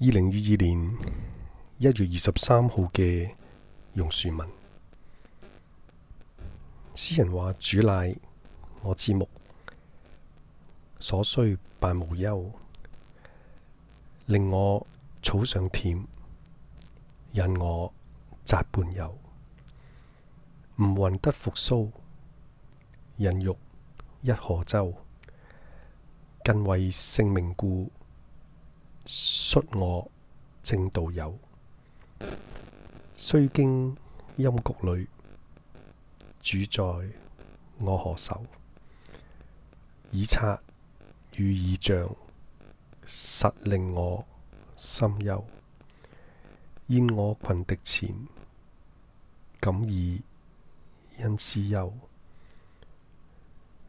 二零二二年一月二十三號嘅榕樹文詩，詩人話：主乃我之牧，所需辦無憂，令我草上甜，引我澤伴游。吾魂得復蘇，引玉一何洲，更為性命故。率我正道友，雖經陰谷裡，主宰我何愁。以察與以象，實令我心憂。因我群敵前，敢以因私憂，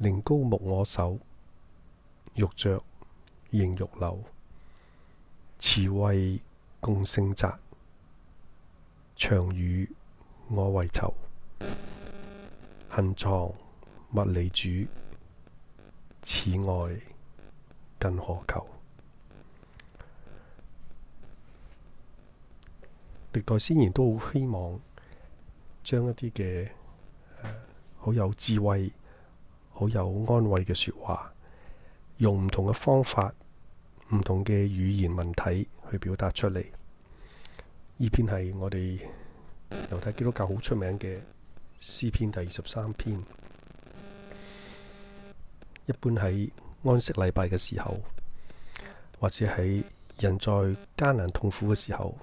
寧高木我首，欲著仍欲流。慈惠共生澤，長與我為仇；恨藏物里主，此愛更何求？歷代先賢都好希望，將一啲嘅好有智慧、好有安慰嘅說話，用唔同嘅方法。唔同嘅語言文體去表達出嚟。呢篇係我哋猶太基督教好出名嘅詩篇第二十三篇。一般喺安息禮拜嘅時候，或者喺人在艱難痛苦嘅時候，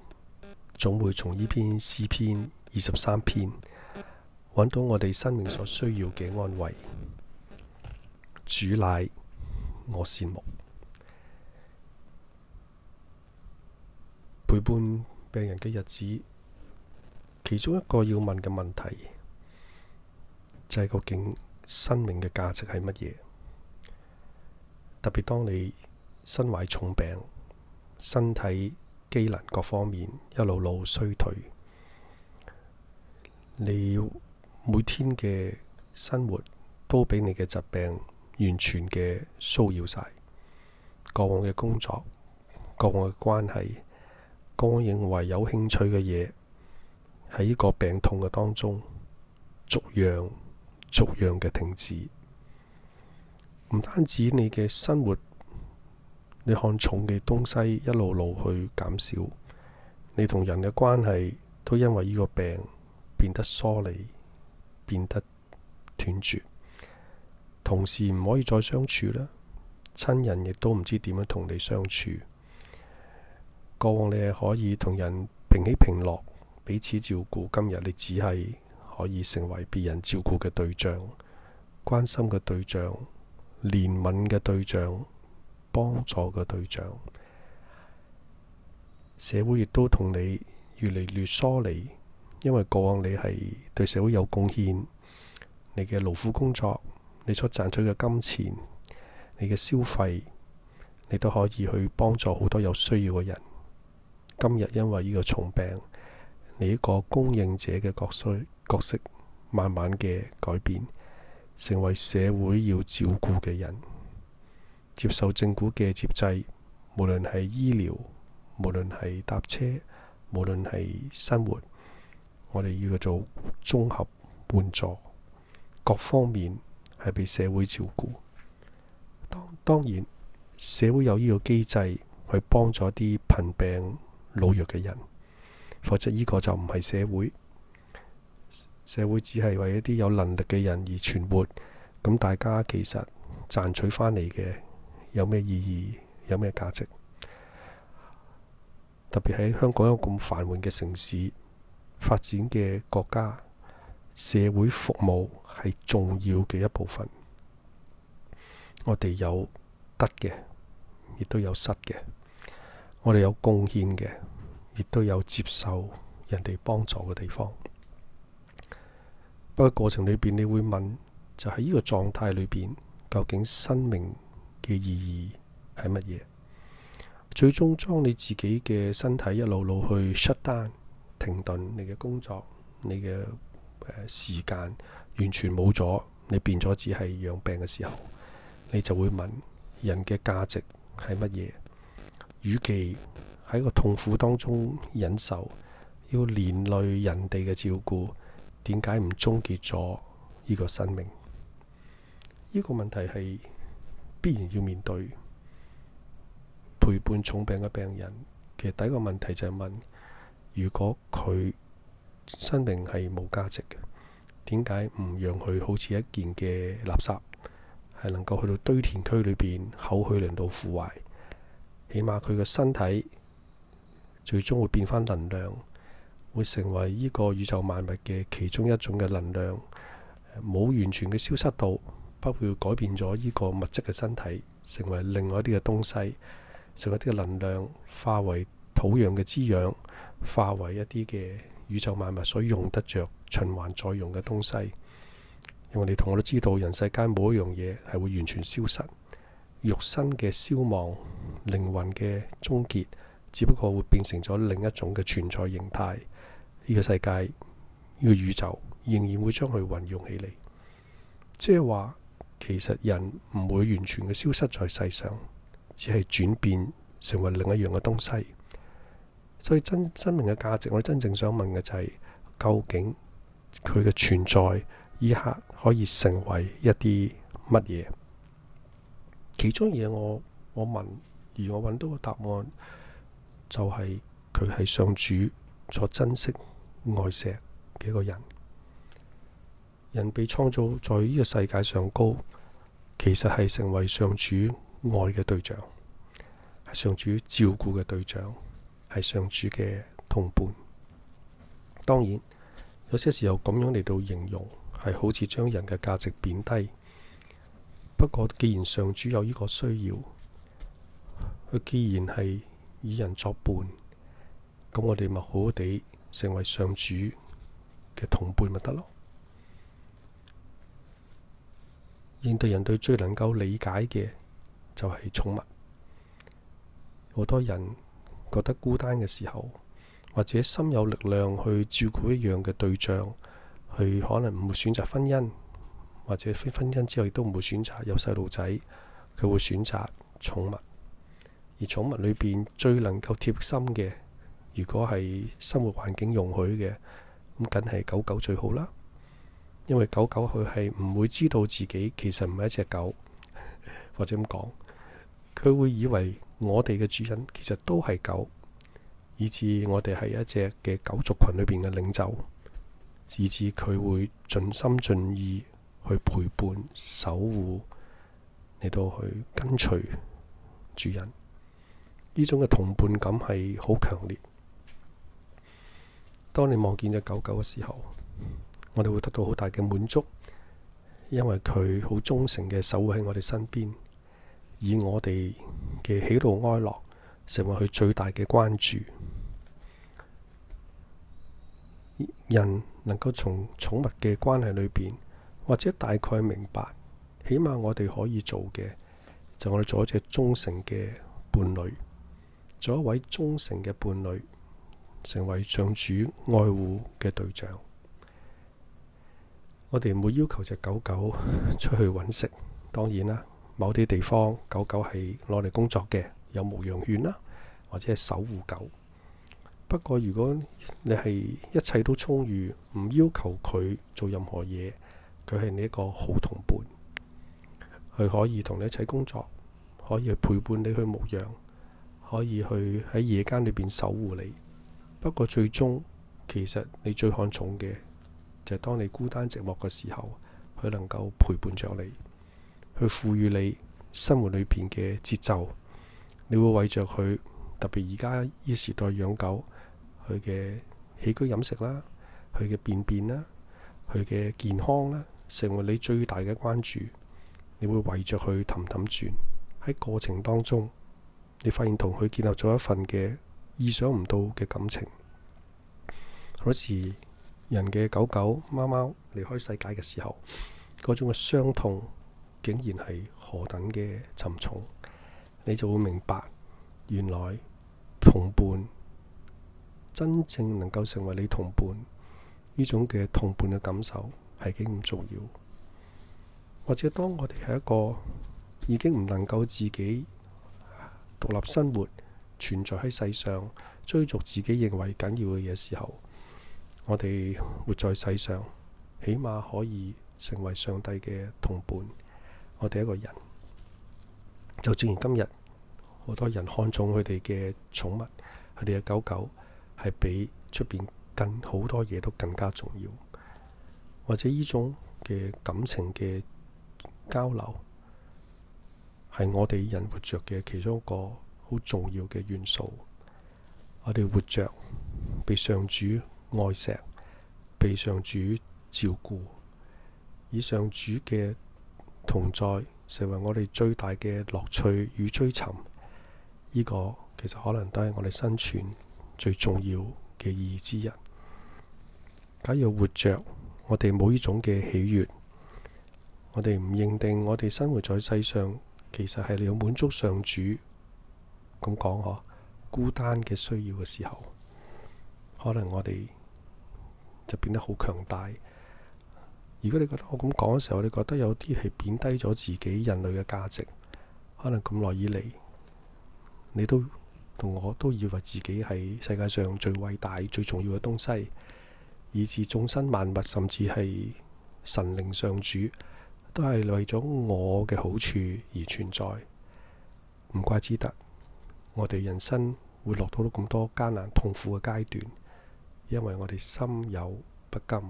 總會從呢篇詩篇二十三篇揾到我哋生命所需要嘅安慰。主奶，我羨慕。陪伴病人嘅日子，其中一個要問嘅問題就係、是、究竟生命嘅價值係乜嘢？特別當你身懷重病，身體機能各方面一路路衰退，你每天嘅生活都俾你嘅疾病完全嘅騷擾晒過往嘅工作，過往嘅關係。我認為有興趣嘅嘢，喺呢個病痛嘅當中，逐樣逐樣嘅停止，唔單止你嘅生活，你看重嘅東西一路路去減少，你同人嘅關係都因為呢個病變得疏離，變得斷絕，同時唔可以再相處啦，親人亦都唔知點樣同你相處。過往你係可以同人平起平落，彼此照顧。今日你只係可以成為別人照顧嘅對象、關心嘅對象、憐憫嘅對象、幫助嘅對象。社會亦都同你越嚟越疏離，因為過往你係對社會有貢獻，你嘅勞苦工作，你所賺取嘅金錢，你嘅消費，你都可以去幫助好多有需要嘅人。今日因為呢個重病，你一個供應者嘅角色角色慢慢嘅改變，成為社會要照顧嘅人，接受政府嘅接濟，無論係醫療，無論係搭車，無論係生活，我哋要做綜合援助，各方面係被社會照顧。當當然社會有呢個機制去幫助啲貧病。老弱嘅人，否則呢個就唔係社會，社會只係為一啲有能力嘅人而存活，咁大家其實賺取翻嚟嘅有咩意義，有咩價值？特別喺香港一個咁繁榮嘅城市發展嘅國家，社會服務係重要嘅一部分。我哋有得嘅，亦都有失嘅。我哋有貢獻嘅，亦都有接受人哋幫助嘅地方。不過過程裏邊，你會問，就喺、是、呢個狀態裏邊，究竟生命嘅意義係乜嘢？最終將你自己嘅身體一路路去 shut down 停頓，你嘅工作、你嘅誒時間完全冇咗，你變咗只係養病嘅時候，你就會問人嘅價值係乜嘢？與其喺個痛苦當中忍受，要連累人哋嘅照顧，點解唔終結咗呢個生命？呢個問題係必然要面對。陪伴重病嘅病人，其實第一個問題就係問：如果佢生命係冇價值嘅，點解唔讓佢好似一件嘅垃圾，係能夠去到堆填區裏邊，口去令到腐壞？起碼佢個身體最終會變翻能量，會成為呢個宇宙萬物嘅其中一種嘅能量，冇完全嘅消失到，不會改變咗呢個物質嘅身體，成為另外一啲嘅東西，成為一啲嘅能量，化為土壤嘅滋養，化為一啲嘅宇宙萬物所用得着、循環再用嘅東西。因為你我你同我都知道，人世間冇一樣嘢係會完全消失。肉身嘅消亡，靈魂嘅終結，只不過會變成咗另一種嘅存在形態。呢、這個世界，呢、這個宇宙，仍然會將佢運用起嚟。即係話，其實人唔會完全嘅消失在世上，只係轉變成為另一樣嘅東西。所以真生命嘅價值，我真正想問嘅就係、是，究竟佢嘅存在，以刻可以成為一啲乜嘢？其中嘢我我問，而我揾到個答案就係佢係上主所珍惜愛錫嘅一個人。人被創造在呢個世界上高，其實係成為上主愛嘅對象，係上主照顧嘅對象，係上主嘅同伴。當然，有些時候咁樣嚟到形容，係好似將人嘅價值貶低。不過，既然上主有呢個需要，佢既然係以人作伴，咁我哋咪好好地成為上主嘅同伴咪得咯？現代人對最能夠理解嘅就係寵物。好多人覺得孤單嘅時候，或者心有力量去照顧一樣嘅對象，佢可能唔會選擇婚姻。或者非婚姻之外亦都唔會選擇有細路仔，佢會選擇寵物。而寵物裏邊最能夠貼心嘅，如果係生活環境容許嘅，咁梗係狗狗最好啦。因為狗狗佢係唔會知道自己其實唔係一隻狗，或者咁講，佢會以為我哋嘅主人其實都係狗，以至我哋係一隻嘅狗族群裏邊嘅領袖，以至佢會盡心盡意。去陪伴、守護，嚟到去跟隨主人，呢種嘅同伴感係好強烈。當你望見隻狗狗嘅時候，我哋會得到好大嘅滿足，因為佢好忠誠嘅守護喺我哋身邊，以我哋嘅喜怒哀樂成為佢最大嘅關注。人能夠從寵物嘅關係裏邊。或者大概明白，起碼我哋可以做嘅就，我哋做一隻忠誠嘅伴侶，做一位忠誠嘅伴侶，成為上主愛護嘅對象。我哋唔會要求隻狗狗出去揾食，當然啦。某啲地方狗狗係攞嚟工作嘅，有牧羊犬啦，或者係守護狗。不過如果你係一切都充裕，唔要求佢做任何嘢。佢係你一個好同伴，佢可以同你一齊工作，可以陪伴你去牧羊，可以去喺夜間裏邊守護你。不過最終，其實你最看重嘅就係當你孤單寂寞嘅時候，佢能夠陪伴着你，去賦予你生活裏邊嘅節奏。你會為着佢，特別而家呢時代養狗，佢嘅起居飲食啦，佢嘅便便啦，佢嘅健康啦。成為你最大嘅關注，你會圍着佢氹氹轉。喺過程當中，你發現同佢建立咗一份嘅意想唔到嘅感情。好多時，人嘅狗狗、貓貓離開世界嘅時候，嗰種嘅傷痛，竟然係何等嘅沉重。你就會明白，原來同伴真正能夠成為你同伴，呢種嘅同伴嘅感受。係幾唔重要？或者當我哋係一個已經唔能夠自己獨立生活、存在喺世上、追逐自己認為緊要嘅嘢時候，我哋活在世上，起碼可以成為上帝嘅同伴。我哋一個人，就正如今日，好多人看中佢哋嘅寵物，佢哋嘅狗狗係比出面更好多嘢都更加重要。或者呢種嘅感情嘅交流，係我哋人活着嘅其中一個好重要嘅元素。我哋活着，被上主愛錫，被上主照顧，以上主嘅同在成為我哋最大嘅樂趣與追尋。呢個其實可能都係我哋生存最重要嘅意義之一。假如活着，我哋冇呢種嘅喜悅，我哋唔認定，我哋生活在世上，其實係嚟滿足上主咁講吓，孤單嘅需要嘅時候，可能我哋就變得好強大。如果你覺得我咁講嘅時候，你覺得有啲係貶低咗自己人類嘅價值，可能咁耐以嚟，你都同我都以為自己係世界上最偉大、最重要嘅東西。以至眾生萬物，甚至係神靈上主，都係為咗我嘅好處而存在。唔怪之得，我哋人生會落到咁多艱難痛苦嘅階段，因為我哋心有不甘。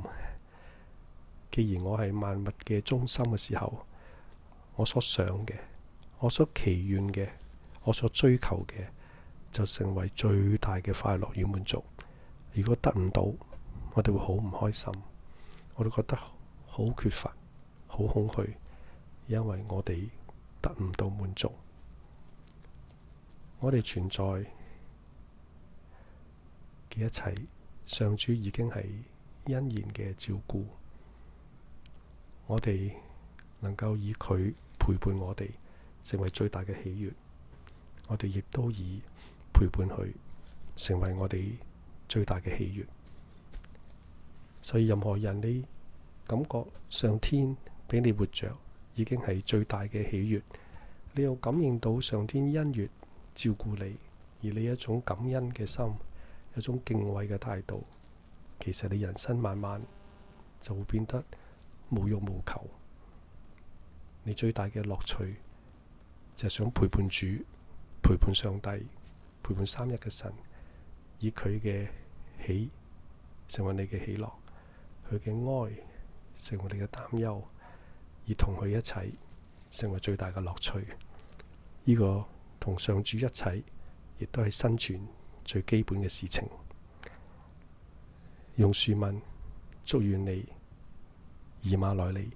既然我係萬物嘅中心嘅時候，我所想嘅，我所祈願嘅，我所追求嘅，就成為最大嘅快樂與滿足。如果得唔到，我哋會好唔開心，我都覺得好缺乏、好空虛，因為我哋得唔到滿足。我哋存在嘅一切，上主已經係欣然嘅照顧，我哋能夠以佢陪伴我哋，成為最大嘅喜悅。我哋亦都以陪伴佢，成為我哋最大嘅喜悅。所以任何人你感覺上天俾你活着，已經係最大嘅喜悅。你又感應到上天恩悅照顧你，而你一種感恩嘅心，一種敬畏嘅態度，其實你人生慢慢就會變得無欲無求。你最大嘅樂趣就係想陪伴主，陪伴上帝，陪伴三一嘅神，以佢嘅喜成為你嘅喜樂。佢嘅哀成為你嘅擔憂，而同佢一齊成為最大嘅樂趣。呢個同上主一齊，亦都係生存最基本嘅事情。用樹問，祝願你姨媽來嚟。